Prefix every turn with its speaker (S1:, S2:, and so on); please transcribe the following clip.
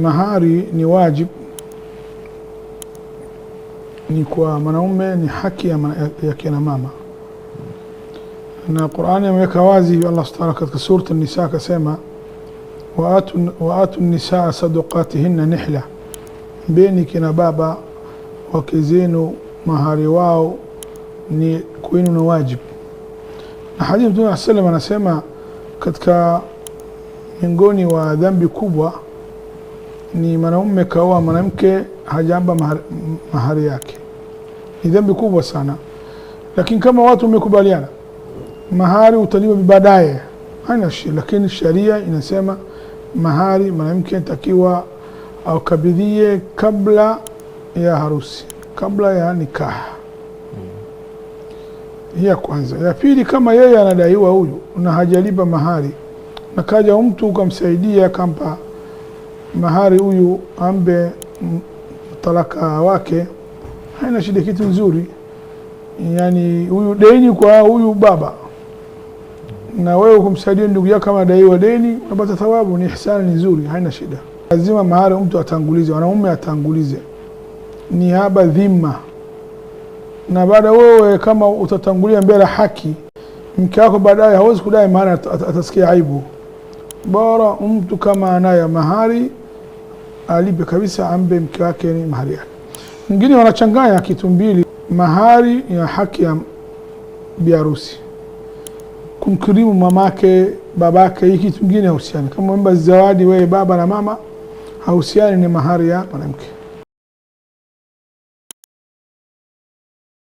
S1: Mahari ni wajib, ni kwa mwanaume, ni haki ya, ya kina mama, na Qur'ani ameweka wazi Allah subhanahu katika Surat Nisa akasema, wa atu nisaa sadaqatihinna nihla, mbeni kina baba wake zenu mahari wao ni kwenu na wajib. Na hadithi Mtume sallallahu alayhi wasallam anasema katika miongoni wa dhambi kubwa ni mwanaume kaoa mwanamke hajamba mahari, mahari yake, ni dhambi kubwa sana. Lakini kama watu wamekubaliana mahari utalipa baadaye, haina shida, lakini sharia inasema mahari mwanamke takiwa akabidhie kabla ya harusi, kabla ya nikaha. Hmm. Hii ya kwanza. Ya pili, kama yeye anadaiwa huyu na hajalipa mahari, nakaja mtu ukamsaidia akampa mahari huyu ambe talaka wake haina shida, kitu nzuri. Yani huyu deni kwa huyu baba, na wewe kumsaidia ndugu yako kama daiwa deni, unapata thawabu, ni ihsani, nzuri, haina shida. Lazima mahari mtu atangulize, wanaume atangulize ni haba dhima, na baada wewe kama utatangulia mbele haki, mke wako baadaye hawezi kudai mahari, atasikia aibu. Bora mtu kama anaye mahari alipe kabisa, ambe mke wake ni mahari yake. Mwingine wanachanganya kitu mbili, mahari ya haki ya biharusi, kumkirimu mamake babake. Hii kitu kingine hahusiani, kama mba zawadi, wewe baba na mama, hahusiani, ni mahari ya mwanamke.